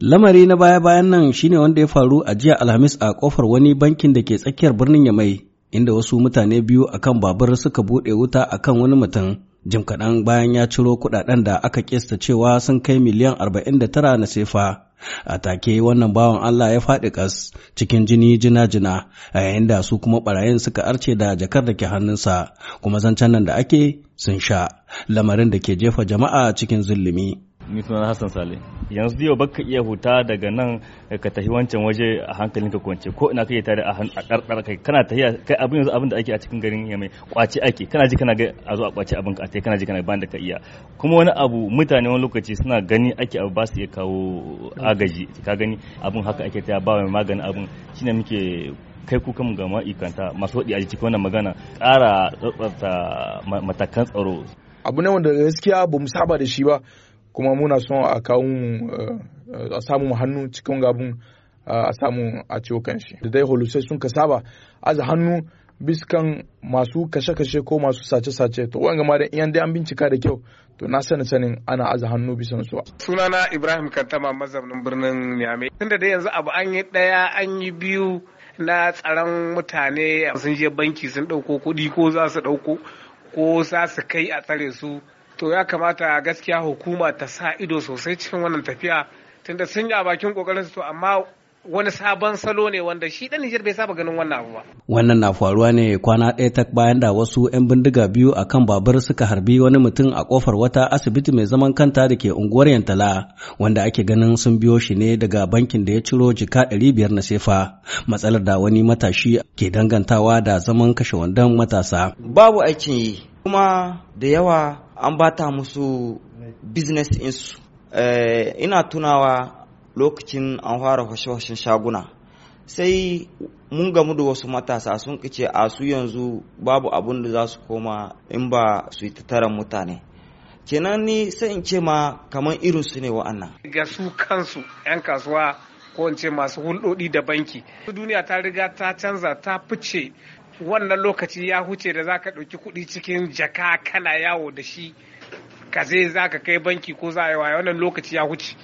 Lamari na baya-bayan nan shine wanda ya faru a jiya Alhamis a kofar wani bankin da ke tsakiyar birnin Yamai, inda wasu mutane biyu akan babur suka bude wuta akan wani mutum jim kaɗan bayan ya ciro kuɗaɗen da aka kista cewa sun kai miliyan arba'in da tara na sefa. A take wannan bawan Allah ya faɗi ƙas cikin jini jina-jina a yayin da su kuma ɓarayin suka arce da jakar da ke hannunsa kuma zancen nan da ake sun sha lamarin da ke jefa jama'a cikin zulumi. ni suna Hassan Sale yanzu yau baka iya huta daga nan ka tafi wancan waje a hankalin ka kwance ko ina kai tare a karkar kai kana tafiya kai abin yanzu abin da ake a cikin garin ya mai kwace ake kana ji kana ga a zo a kwace abin ka sai kana ji kana banda da ka iya kuma wani abu mutane wani lokaci suna gani ake abu ba su iya kawo agaji ka gani abin haka ake ta ba mai maganin abin shine muke kai kuka mu ga ma'aikanta masu waɗi a cikin wannan magana kara tsatsarta matakan tsaro abu ne wanda gaskiya ba mu saba da shi ba kuma muna son a kawo eh, eh, a samu hannu cikin gabun eh, a samu a ciwo kan shi da dai holusai sun ka saba aza hannu biskan masu kashe-kashe ko masu sace-sace to wanga ma da iyan dai an bincika da kyau to na sani sanin ana aza hannu bisan su sunana ibrahim kantama mazaunin birnin niamey tunda dai yanzu abu an yi daya an yi biyu na tsaron mutane sun je banki sun dauko kuɗi ko za su dauko ko za su kai a tsare su to ya kamata gaskiya hukuma ta sa ido sosai cikin wannan tafiya tunda sun yi a bakin kokarin su to amma wani sabon salo ne wanda shi dan Nijar bai saba ganin wannan abu ba. Wannan na faruwa ne kwana ɗaya tak bayan da wasu 'yan bindiga biyu a kan babur suka harbi wani mutum a kofar wata asibiti mai zaman kanta da ke unguwar Yantala wanda ake ganin sun biyo shi ne daga bankin da ya ciro jika 500 na sefa matsalar da wani matashi ke dangantawa da zaman kashe wandon matasa. Babu aikin yi kuma da yawa an bata musu business insu eh, ina tunawa lokacin an fara fashe shaguna sai mun gamu da wasu matasa sun kice a su yanzu babu abun da za su koma in ba su yi tattaran mutane kenan ni sai in ce ma kamar irin su ne wa'annan ga su kansu 'yan kasuwa ko in ce masu hulɗoɗi da banki duniya ta riga ta canza ta fice wannan lokaci ya huce da za ka ɗauki kuɗi cikin jaka kana yawo da shi ka zai ka kai banki ko za a yi wannan lokaci ya huce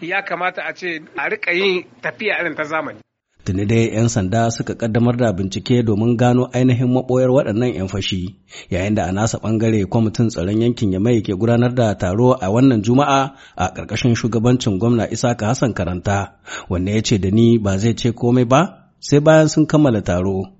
ya kamata a ce a rika yin tafiya irin ta zamani tuni dai 'yan sanda suka kaddamar da bincike domin gano ainihin maɓoyar waɗannan 'yan fashi yayin da a nasa ɓangare kwamitin tsaron yankin yamai ke gudanar da taro a wannan juma'a a ƙarƙashin shugabancin gwamna isaka hassan karanta wanne ya ce da ni ba zai ce komai ba sai bayan sun kammala taro